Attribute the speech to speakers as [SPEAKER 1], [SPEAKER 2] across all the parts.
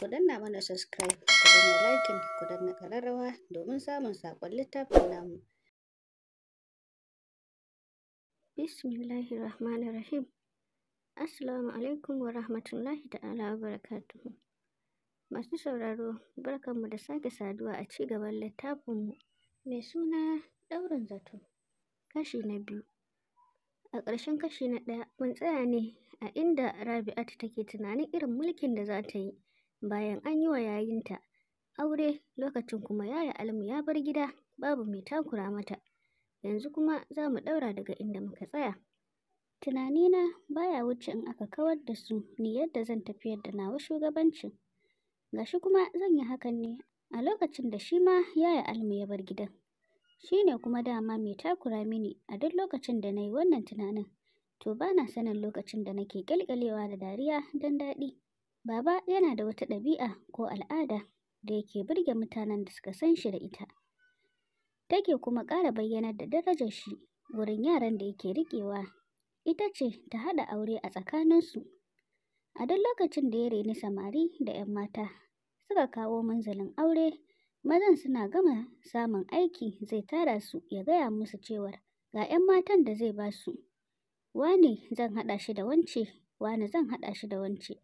[SPEAKER 1] ku danna mana subscribe ku danna liking ku danna kararrawa domin samun sakon littafin namu bismillahirrahmanirrahim assalamu alaikum wa rahmatullahi ta'ala wa barakatuh masu sauraro barkanmu da sake saduwa a ci gaban littafinmu mai suna daurin zato kashi na biyu a ƙarshen kashi na ɗaya mun tsaya ne a inda rabi'atu take tunanin irin mulkin da za ta yi bayan an yi wa yayinta aure lokacin kuma yaya almu ya bar gida babu mai takura mata yanzu kuma za mu ɗaura daga inda muka tsaya tunanina baya wuce in aka kawar da su ni yadda zan tafiyar da nawa shugabancin gashi kuma zan yi hakan ne a lokacin da shi ma yaya almu ya bar gidan shi ne kuma dama mai takura mini a duk lokacin da na yi wannan tunanin to ba na sanin lokacin da nake kyalkyalewa da dariya don daɗi Baba yana da wata ɗabi'a ko al'ada da yake burge mutanen da suka san shi da ita. Take kuma ƙara bayyanar da darajar shi wurin yaran da yake riƙewa. Ita ce ta haɗa aure a tsakaninsu. A duk lokacin da ya reni samari da 'yan mata suka kawo manzalin aure, mazan suna gama samun aiki zai tara su ya gaya musu cewar ga 'yan matan da zai ba su. Wane zan haɗa shi da wance, wane zan haɗa shi da wance.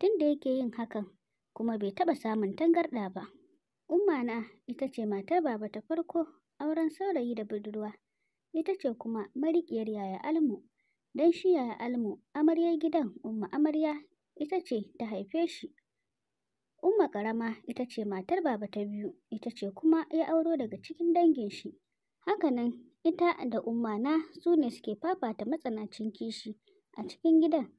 [SPEAKER 1] tun da yake yin hakan kuma bai taɓa samun tangarɗa ba. Ummana ita ce matar baba ta farko auren saurayi da budurwa, ita ce kuma mariƙiyar yaya almu, don shi yaya almu amaryar gidan umma amarya ita ce ta haife shi. Umma ƙarama ita ce matar baba ta biyu, ita ce kuma ya auro daga cikin dangin shi. Hakanan ita da ummana su ne suke fafata matsanancin kishi a cikin gidan.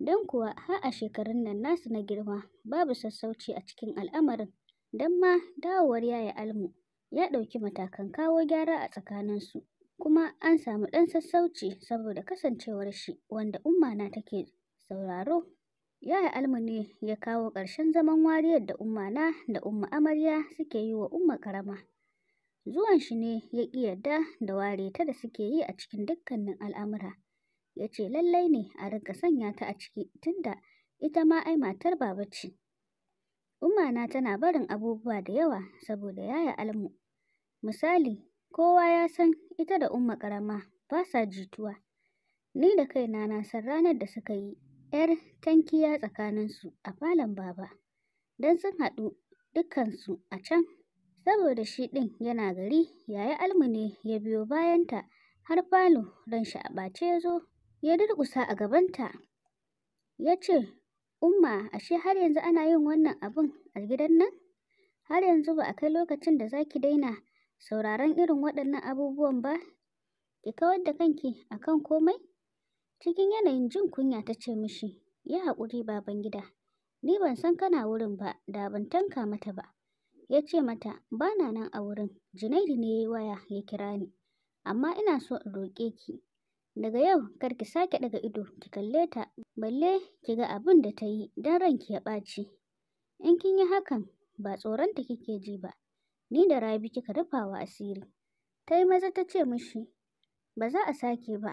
[SPEAKER 1] Don kuwa har a shekarun nan nasu na girma babu sassauci a cikin al'amarin, don ma dawowar Yaya Almu ya ɗauki matakan kawo gyara a tsakaninsu, kuma an samu ɗan sassauci saboda kasancewar shi wanda Ummana take sauraro. Yaya Almu ne ya kawo ƙarshen zaman wariyar da na da Umma Amarya suke yi wa Umma Karama. Zuwan shi ne ya ƙi yarda da ware ta da suke yi a cikin dukkanin al'amura. ya ce lallai ne a rinka sanya ta a ciki tunda ita ma ai matar baba ce. na tana barin abubuwa da yawa saboda yaya almu. Misali, kowa ya san ita da umma karama ba sa jituwa. Ni da kaina na san ranar da suka yi ‘yar tankiya tsakaninsu a falon baba, don sun haɗu dukkansu a can saboda shi ɗin yana gari yayi almu ne ya biyo bayanta har falo don shi a ɓace ya zo ya durƙusa a gabanta ya ce umma ashe har yanzu ana yin wannan abun a gidan nan har yanzu ba a kai lokacin da za ki daina sauraron irin waɗannan abubuwan ba ki kawar da kanki a kan komai cikin yanayin jin kunya ta ce mishi ya haƙuri baban gida ni ban san kana wurin ba da ban tanka mata ba ya ce mata ba na nan a wurin Junaidu ne ya yi waya ya kira ni amma ina so in roƙe ki daga yau kar ki sake daga ido ki kalle ta balle ki ga abin da ta yi don ranki ya ɓaci in kin yi hakan ba tsoronta kike ji ba ni da rabi kika rufawa asiri ta yi maza ta ce mishi ba za a sake ba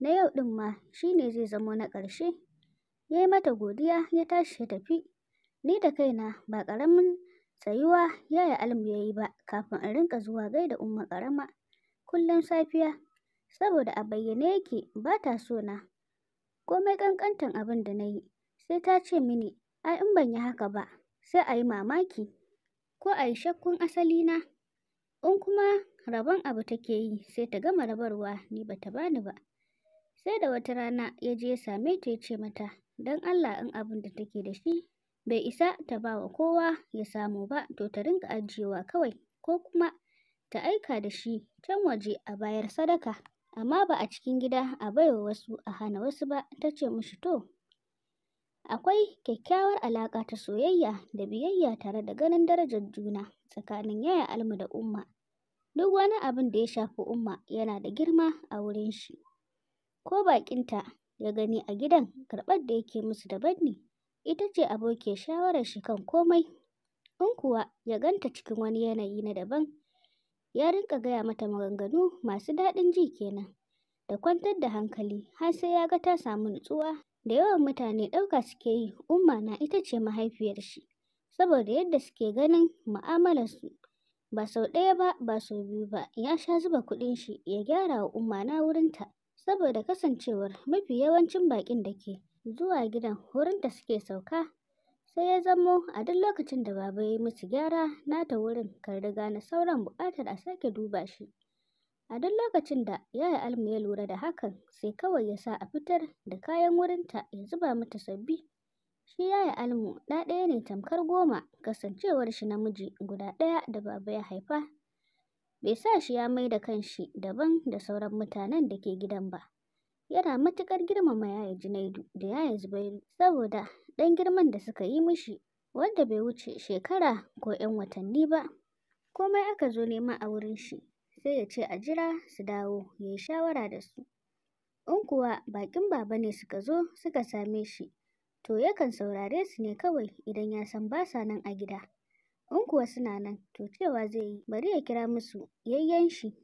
[SPEAKER 1] na yau ɗin ma shi ne zai zamo na ƙarshe ya yi mata godiya ya tashi ya tafi ni da kaina ba ƙaramin tsayuwa yaya almu ya yi ba kafin in rinka zuwa gaida umma ƙarama kullum safiya saboda a bayyane yake ba ta so na. Komai ƙanƙantan abin da na yi, sai ta ce mini, ai in ban yi haka ba, sai a yi mamaki, ko a yi shakkun asali na? In kuma rabon abu take yi, sai ta gama rabarwa ni ba ta bani ba. Sai da wata rana ya je ya same ta ya ce mata, don Allah in abin da take da shi bai isa ta ba wa kowa ya samu ba, to ta rinka ajiyewa kawai, ko kuma ta aika da shi can waje a bayar sadaka. amma ba a cikin gida a baiwa wasu a hana wasu ba ta ce mushi to akwai kyakkyawar alaƙa ta soyayya da biyayya tare da ganin darajar juna tsakanin yaya almu da umma duk wani abin da ya shafi umma yana da girma a wurin shi ko bakinta ya gani a gidan karɓar da yake musu daban ne ita ce aboke shawarar shi kan komai in kuwa ya ganta cikin wani yanayi na daban ya rinka gaya mata maganganu masu daɗin ji kenan da kwantar da hankali har sai ya ga ta samu nutsuwa da yawan mutane ɗauka suke yi umma na ita ce mahaifiyar shi saboda yadda suke ganin mu'amalarsu ba sau ɗaya ba ba sau biyu ba ya sha zuba kuɗin shi ya gyara wa umma na wurinta saboda kasancewar mafi yawancin baƙin da ke zuwa gidan wurinta suke sauka sai ya zamo a duk lokacin da baba ya yi musu gyara nata wurin kan riga na sauran buƙatar a sake duba shi a duk lokacin da yaya almu ya lura da hakan sai kawai ya sa a fitar da kayan wurinta ya zuba mata sabbi shi yaya almu ɗa ɗaya ne tamkar goma kasancewar shi namiji guda ɗaya da baba ya haifa bai sa shi ya mai da kanshi daban da sauran mutanen da ke gidan ba yana matuƙar girmama yaya Junaidu da yaya Zubairu saboda ɗan girman da suka yi mishi wanda bai wuce shekara ko 'yan watanni ba komai aka zo nema a wurin shi sai ya ce a jira su dawo ya shawara da su in kuwa baƙin baba ne suka zo suka same shi to yakan saurare su ne kawai idan ya san ba sa nan a gida in kuwa suna nan to cewa zai yi bari ya kira musu yayyen shi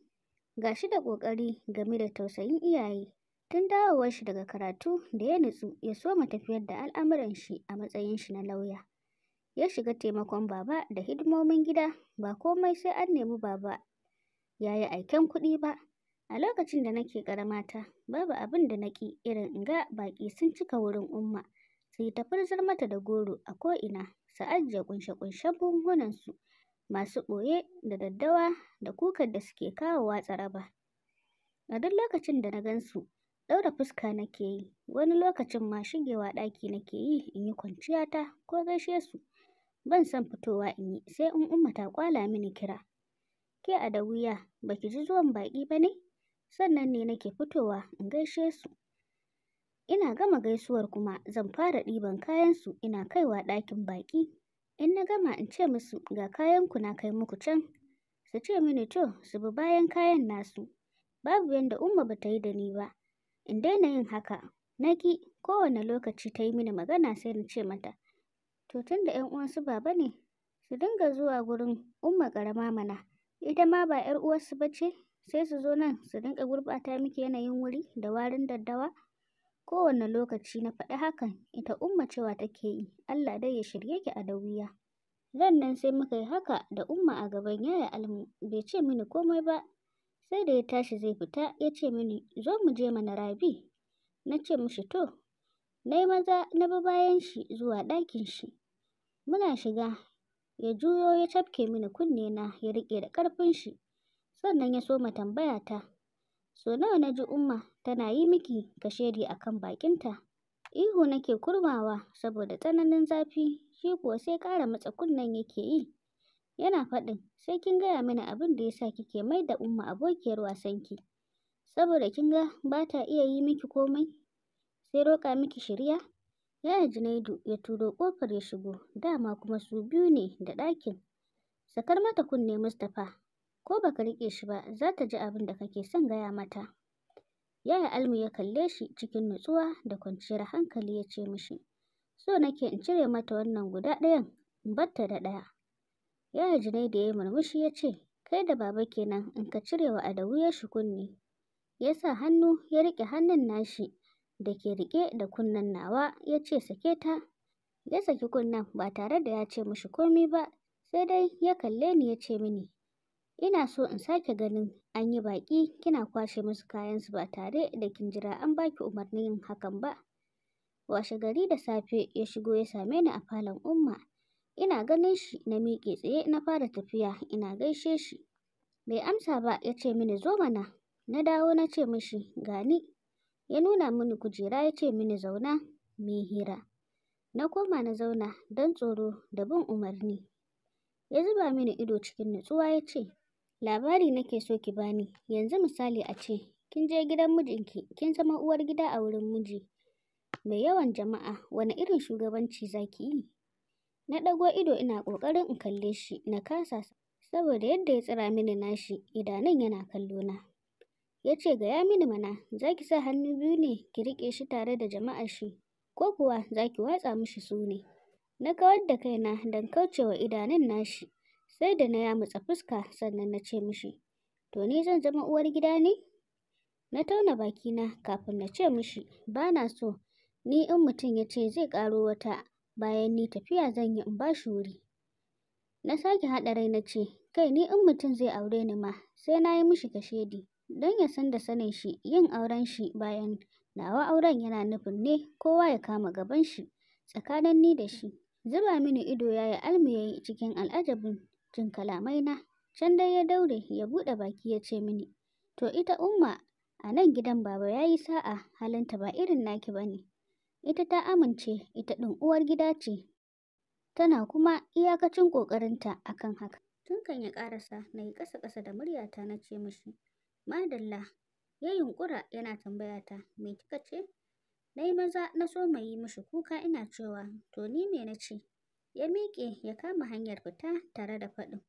[SPEAKER 1] gashi da ƙoƙari game da tausayin iyaye Tun dawowar shi daga karatu da ya nutsu ya soma tafiyar da al'amuran shi a matsayin shi na lauya. Ya shiga taimakon Baba da hidimomin gida ba komai sai an nemi Baba ya yi aiken kuɗi ba. A lokacin da nake ƙaramata babu abin da na ƙi irin in ga baƙi sun cika wurin Umma su yi tafarzar mata da goro a ko'ina su ajiye ƙunshe-ƙunshen su masu ɓoye da daddawa da kukar da suke kawowa tsaraba. A duk lokacin da na gan su Ɗaura fuska nake yi, wani lokacin ma shigewa ɗaki nake yi in yi kwanciyata ko gaishe su. Ban san fitowa in yi sai in Umma ta ƙwala mini kira. Ke a da wuya, ba ki ji zuwan baƙi ba ne? Sannan ne nake fitowa in gaishe su. Ina gama gaisuwar kuma zan fara ɗiban kayan su ina kaiwa ɗakin baƙi. In na gama in ce musu ga kayanku na kai muku can, su ce mini to su bi bayan kayan nasu. Babu yanda Umma ba ta yi da ni ba. in daina yin haka na ki kowane lokaci ta yi mini magana sai na ce mata to tun da ‘yan uwansu baba ne su dinga zuwa gurin umma karama mana ita ma ba ‘yar uwarsu ba ce sai su zo nan su dinga gurbata miki yanayin wuri da warin daddawa kowane lokaci na faɗi hakan ita umma cewa take yi Allah dai ya shirye ki a dawiya Zan nan sai muka yi haka da umma a gaban yaya almu bai ce mini komai ba sai da ya tashi zai fita ya ce mini zo mu je mana rabi na ce mishi to na maza na bi bayan shi zuwa ɗakin shi muna shiga ya juyo ya cafke mini kunne na ya riƙe da ƙarfin shi sannan ya soma tambaya ta so nawa na ji umma tana yi miki kashedi a kan bakinta ihu nake kurmawa saboda tsananin zafi shi kuwa sai ƙara matsa kunnen yake yi yana faɗin sai kin gaya mini abin da ya sa kike mai da umma abokiyar wasanki saboda kin ga ba ta iya yi miki komai sai roƙa miki shirya yaya junaidu ya turo ƙofar ya shigo dama kuma su biyu ne da ɗakin sakar mata kunne mustapha ko baka riƙe shi ba za ta ji abin da kake son gaya mata yaya almu ya kalle shi cikin nutsuwa da kwanciyar hankali ya ce mishi so nake in cire mata wannan guda ɗayan in ta da ɗaya jinai da ya yi murmushi ya ce, Kai da baba kenan in ka cire wa Adawu ya shi kunne. Ya sa hannu ya rike hannun nashi da ke riƙe da kunnen nawa ya ce sake ta. Ya saki kunnen ba tare da ya ce mushi komi ba sai dai ya kalle ni ya ce mini, Ina so in sake ganin an yi baƙi kina kwashe musu kayansu ba tare da kin jira an baki umarnin hakan ba. Washe gari da safe ya shigo ya same ni a falon umma. Ina ganin shi na miƙe tsaye na fara tafiya ina gaishe shi. Bai amsa ba ya ce mini zo mana. Na dawo na ce mishi gani. Ya nuna mini kujera ya ce mini zauna mai hira. Na koma na zauna don tsoro da bin umarni. Ya zuba mini ido cikin nutsuwa ya ce labari nake so ki bani yanzu misali a ce kin je gidan mijinki kin zama uwar gida a wurin miji mai yawan jama'a Wani irin shugabanci zaki yi? Na ɗago ido ina ƙoƙarin in kalle shi na kasa saboda yadda ya tsira mini nashi idanun yana kallona. Ya ce gaya mini mana za ki sa hannu biyu ne ki riƙe shi tare da jama'ar shi ko kuwa za ki watsa mishi su ne. Na kawar da kaina don kaucewa idanun nashi sai da na yamutsa fuska sannan na ce mishi to ni zan zama uwar gida ne? Na tauna bakina kafin na ce mishi ba na so ni in mutum ya ce zai ƙaro wata bayan ni tafiya zan yi in ba shi wuri. Na sake haɗa rai na ce, kai ni in mutum zai aure ni ma sai na yi mishi kashedi don ya san da sanin shi yin auren shi bayan nawa auren yana nufin ne kowa ya kama gaban shi tsakanin ni da shi. Zuba mini ido ya yi almiyayi cikin al'ajabin jin kalamai na. Can dai ya daure ya buɗe baki ya ce mini, to ita umma a nan gidan baba ya yi sa'a halinta ba irin naki ba ne. ita ta amince ita ɗin uwar gida ce tana kuma iyakacin ƙoƙarinta akan haka tun kan ya ƙarasa na yi ƙasa-ƙasa da muryata na ce mashi madalla ya yunƙura yana tambayata me kika ce na yi maza na so mai yi mishi kuka ina cewa to ni me na ce ya miƙe ya kama hanyar fita tare da faɗin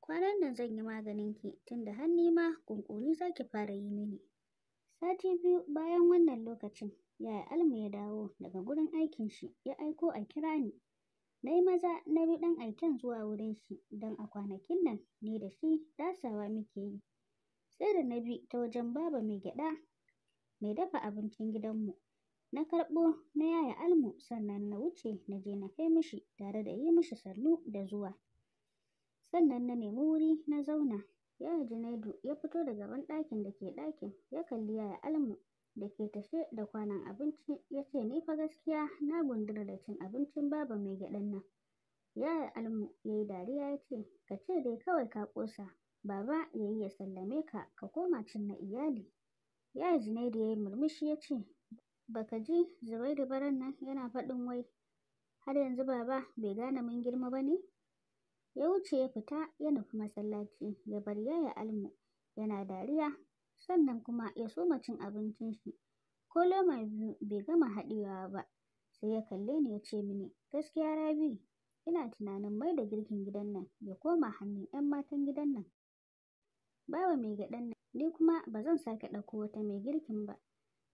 [SPEAKER 1] kwanan nan zan yi maganin ki tunda har ma ƙunƙuni zaki fara yi mini sati biyu bayan wannan lokacin Yaya Alma ya dawo daga gurin aikin shi ya aiko a kira ni. Na yi maza na bi ɗan aiken zuwa wurin shi don a kwanakin nan ni da shi rasawa muke yi. Sai da na bi ta wajen baba mai gyaɗa mai dafa abincin gidanmu. Na karɓo na yaya almu sannan na wuce na je na kai mishi tare da yi mishi sannu da zuwa. Sannan na nemi wuri na zauna. Yaya Junaidu ya fito daga ɗakin da ke ɗakin ya kalli yaya almu da ke tashe da kwanan abinci ya ce ni fa gaskiya na gundura da cin abincin baba mai gyaɗan nan. Yaya Almu ya yi dariya ya ce ka ce dai kawai ka ƙosa baba ya yi ya sallame ka ka koma cin na iyali. Yaya Junaidu ya yi murmushi ya ce baka ji Zubairu baran nan yana faɗin wai har yanzu baba bai gane mun girma ba ne? Ya wuce ya fita ya nufi masallaci ya bar yaya Almu yana dariya sannan kuma ya soma cin abincin shi. Ko loma biyu bai gama haɗewa ba sai ya kalle ni ya ce mini gaskiya Rabi ina tunanin mai da girkin gidan nan ya koma hannun 'yan matan gidan nan. Bawa mai gyaɗan nan ni kuma ba zan sake ɗauko wata mai girkin ba.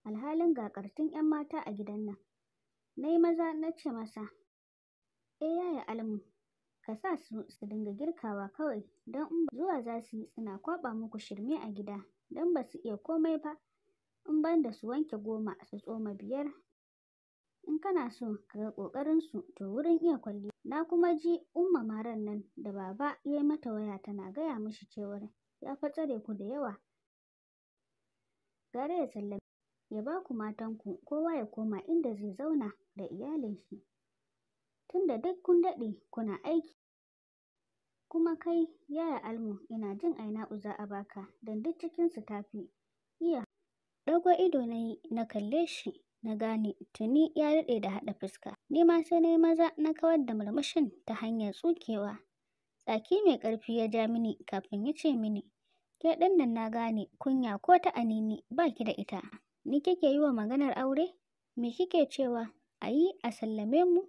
[SPEAKER 1] Alhalin ga ƙarfin 'yan mata a gidan nan. Na yi maza na ce masa e eh, yaya almu ka sa su su dinga girkawa kawai don in zuwa za su yi suna kwaɓa muku shirme a gida don ba su iya komai ba in ban da su wanke goma su tsoma biyar. In kana so ka ga ƙoƙarinsu to wurin iya kwalli. Na kuma ji umma maran nan da baba ya yi mata waya tana gaya mishi cewar ya fa tsare ku da yawa. Gare ya sallame ya ba ku matanku kowa ya koma inda zai zauna da iyalin shi. Tunda duk kun daɗe kuna aiki kuma kai yaya almu ina jin aina uza a baka don duk cikinsu ta fi iya ɗago ido na yi na kalle shi na gane tuni ya daɗe da haɗa fuska ni ma sai na yi maza na kawar da murmushin ta hanyar tsukewa tsaki mai ƙarfi ya ja mini kafin ya ce mini ke ɗin nan na gane kunya ko ta anini ba ki da ita ni kike yi wa maganar aure me kike cewa a yi a sallame mu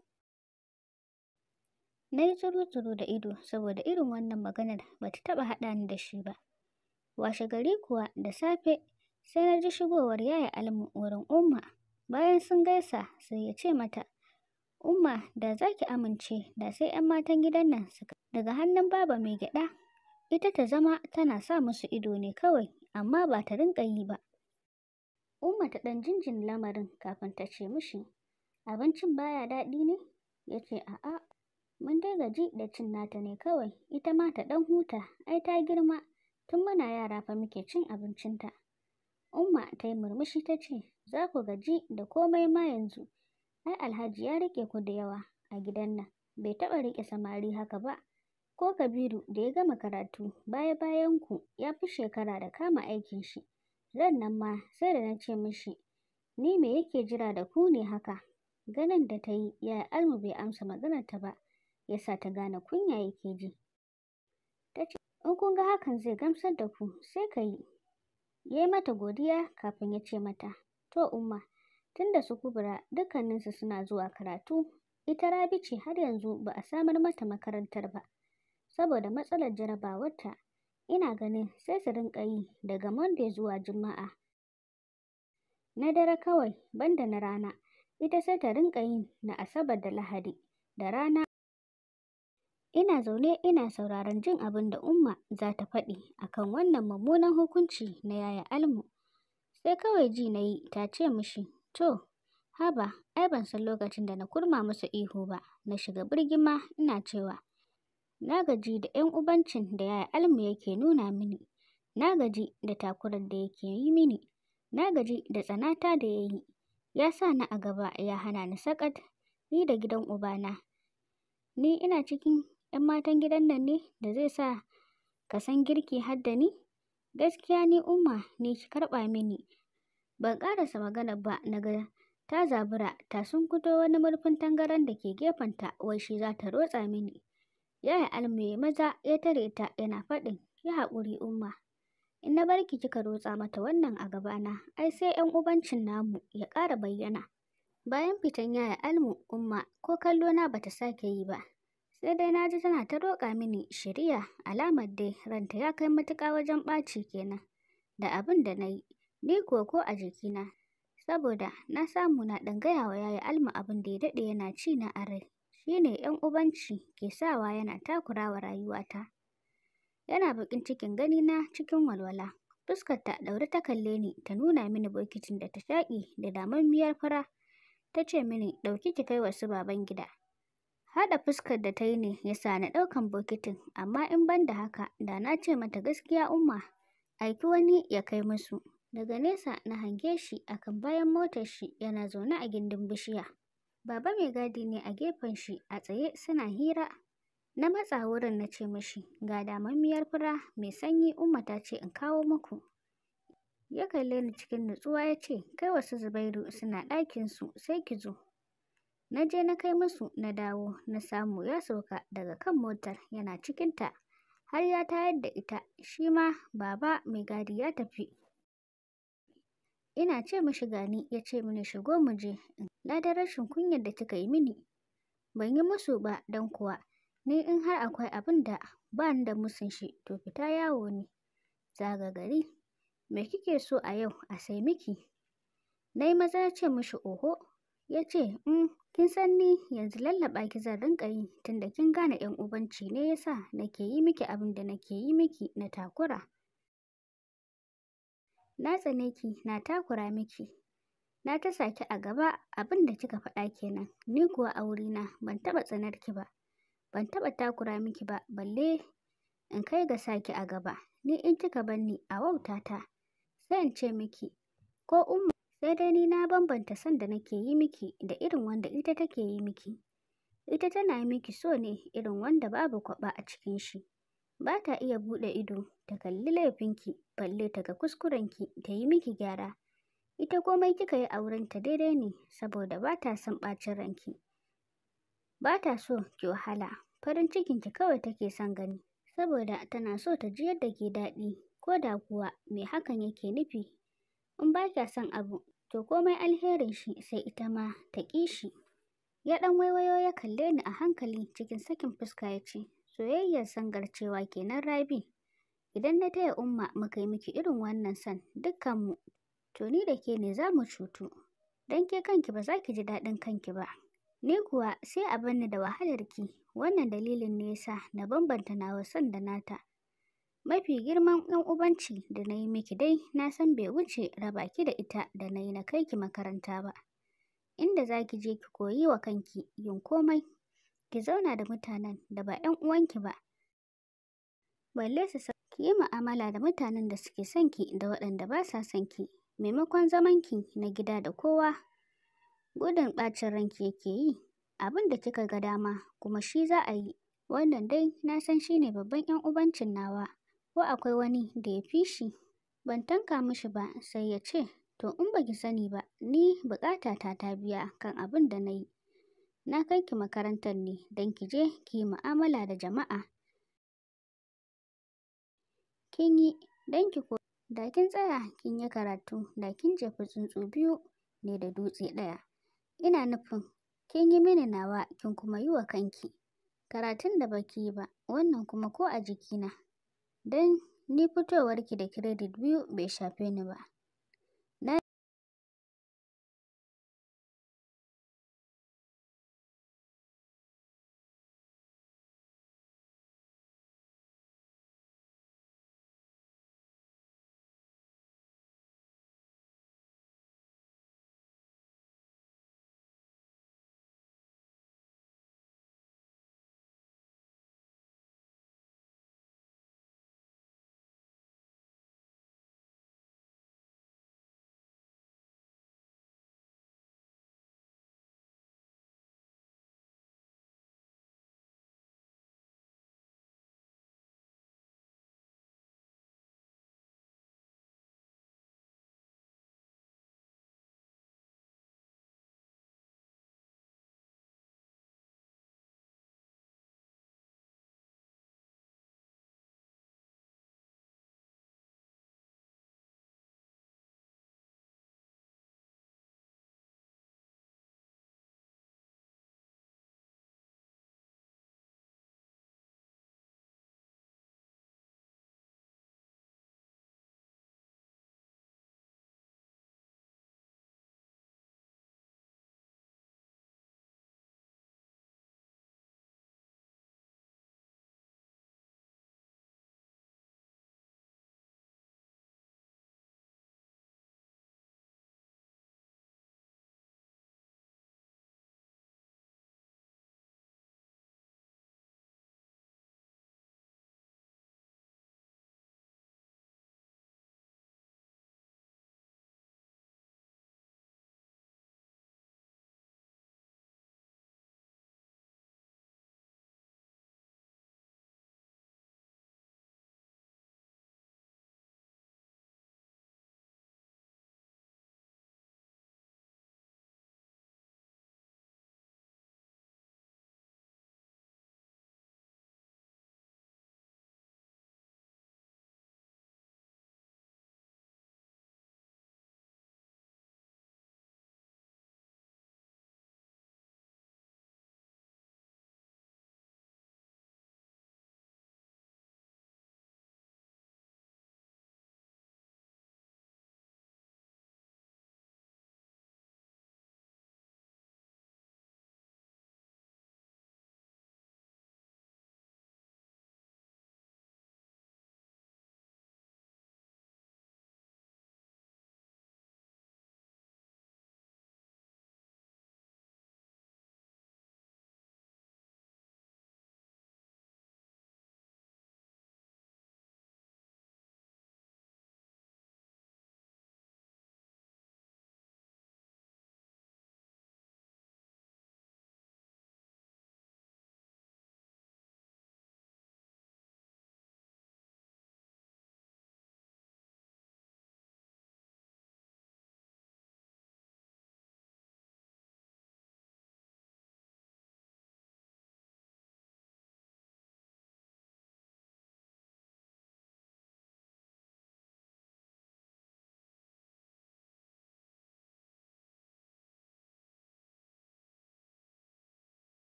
[SPEAKER 1] Na yi tsuru-tsuru da ido saboda irin wannan maganar ba ta taɓa haɗa ni da shi ba. Washe gari kuwa da safe sai na ji shigowar yaya almu wurin Umma. Bayan sun gaisa sai ya ce mata, Umma da za ki amince da sai 'yan matan gidan nan suka daga hannun baba mai gyaɗa. Ita ta zama tana sa musu ido ne kawai amma ba ta rinƙa yi ba. Umma ta ɗan jinjin lamarin kafin ta ce mishi, abincin baya daɗi ne? Ya ce a'a Mun dai gaji da cin nata ne kawai, ita ma ta ɗan huta, ai ta girma, tun muna yara fa muke cin abincinta. Umma ta yi murmushi ta ce, za ku gaji da komai ma yanzu, ai Alhaji ya riƙe ku da yawa a gidan nan, bai taɓa riƙe samari haka ba. Ko Kabiru da ya gama karatu baya bayan ku ya fi shekara da kama aikin shi. Zan nan ma sai da na ce mishi, ni me yake jira da ku ne haka? Ganin da ta yi ya almu bai amsa maganarta ba. Yasa ta gane kunya yake ji. Ta ce, In kun ga hakan zai gamsar da ku, sai ka yi. Ya yi mata godiya kafin ya ce mata, To, Umma, tun da su kubura dukkaninsu suna zuwa karatu, ita Rabi ce har yanzu ba a samar mata makarantar ba, saboda matsalar jarabawarta. Ina ganin sai su rinƙa yi daga Monday zuwa Juma'a. Na dare kawai, banda na rana, ita sai ta rinƙa yi na Asabar da Lahadi, da rana Ina zaune ina sauraron jin abin da Umma za ta faɗi akan wannan mummunan hukunci na Yaya Almu. Sai kawai ji na yi ta ce mishi, To, haba, ai ban san lokacin da na kurma musu ihu ba, na shiga birgima ina cewa, Na gaji da ‘yan ubancin da Yaya Almu yake nuna mini, na gaji da takurar da yake yi mini, na gaji da tsanata da ya yi, ya sa na a gaba ya hana ni sakat, ni da gidan ubana. Ni ina cikin 'yan matan gidan nan ne da zai sa ka san girki har da ni? Gaskiya ni Umma ne ki karɓa mini. Ban ƙarasa magana ba na ga ta zabura ta kuto wani murfin tangaran da ke gefenta wai shi za ta rotsa mini. Yaya almai maza ya tare ta yana faɗin yi haƙuri Umma. In na barki kika rotsa mata wannan a gabana ai sai 'yan ubancin namu ya ƙara bayyana. Bayan fitan yaya almu Umma ko kallo na bata sake yi ba sai dai naji tana ta roƙa mini shiriya alamar dai ranta ya kai matuƙa wajen ɓaci kenan da abin da na yi ni kuwa ko a jikina saboda na samu na ɗan gaya wa yaya alma abin da ya daɗe yana ci na a rai shine yan ubanci ke sawa yana takurawa wa rayuwata yana bakin cikin gani na cikin walwala fuskar ta ɗaure ta kalle ni ta nuna mini bokitin da ta shaƙi da damammiyar fara ta ce mini ɗauki ki kai wasu baban gida Haɗa fuskar da ta yi ne ya sa na ɗaukan bokitin, amma in ban da haka da na ce mata gaskiya umma, aiki wani ya kai musu. Daga nesa na hange shi a kan bayan motar shi yana zaune a gindin bishiya. Baba mai gadi ne a gefen shi a tsaye suna hira. Na matsa wurin na ce mashi, ga damammiyar fura mai sanyi umma ta ce in kawo muku. Ya kalle ni cikin nutsuwa ya ce, kai wasu Zubairu suna ɗakinsu sai ki zo. Na je na kai musu na dawo na samu ya sauka daga kan motar yana cikinta har ya tayar da ita shi ma baba mai gadi ya tafi. Ina ce mashi gani ya ce mini shigo mu je ladar rashin kunyar da kika yi mini. Ban yi musu ba don kuwa ni in har akwai abin da ba ni da musun shi to fita yawo ne. Zaga gari me kike so a yau a sai miki? Na yi maza ce mashi oho ya ce mm, kin san ni yanzu lallaɓa ki zan rinka yi tunda kin gane yan ubanci ne yasa nake yi miki abin da nake yi miki na takura na tsane ki na takura miki na ta saki a gaba abin da kika faɗa kenan ni kuwa a wurina ban taɓa tsanar ki ba ban taɓa takura miki ba balle in kai ga saki a gaba ni in kika banni a wautata sai in ce miki ko umma sai dai ni na bambanta son da nake yi miki da irin wanda ita take yi miki ita tana yi miki so ne irin wanda babu kwaba a cikin shi ba ta iya buɗe ido ta kalli laifinki balle ta ga kuskurenki ta yi miki gyara ita komai kika yi a wurinta daidai ne saboda ba ta son ɓacin ranki ba ta so ki wahala farin cikin ki kawai take son gani saboda tana so ta ji yadda ke daɗi ko da kuwa me hakan yake nufi in ba kya son abu to komai alherin shi sai ita ma ta ƙi shi. Ya ɗan waiwayo ya kalle ni a hankali cikin sakin fuska ya ce, soyayyar sangar cewa kenan Rabi, idan na taya umma muka yi miki irin wannan san dukkanmu, to ni da ke ne za mu cutu, don ke kanki ba za ki ji daɗin kanki ba. Ni kuwa sai a banni da wahalarki, wannan dalilin nesa na bambanta nawa san da nata. Mafi girman ɗan ubanci da na yi miki dai na san bai wuce raba ki da ita da na yi na kai ki makaranta ba. Inda za ki je ki koyi wa kanki yin komai, ki zauna da mutanen da ba 'yan uwanki ba. Balle su ki yi mu'amala da mutanen da suke son ki da waɗanda ba sa son ki, maimakon zaman ki na gida da kowa. Gudun ɓacin ranki yake yi, abin da kika ga dama kuma shi za a yi, wannan dai na san shi ne babban 'yan ubancin nawa. ko akwai wani da ya fi shi ban tanka mishi ba sai ya ce to in ba ki sani ba ni bukata ta ta biya kan abin da na yi na kai ki makarantar ne don ki je ki yi mu'amala da jama'a kin yi don ki ko da kin tsaya kin yi karatu da kin jefa tsuntsu biyu ne da dutse ɗaya ina nufin kin yi mini nawa kin kuma yi wa kanki karatun da baki ba wannan kuma ko a jikina don ni fitowarki da kiredit biyu bai shafe ni ba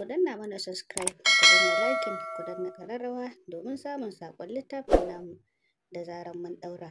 [SPEAKER 1] ku danna mana subscribe ku danna liking ku danna ƙararrawa domin samun saƙon littafin namu da zarar mun ɗaura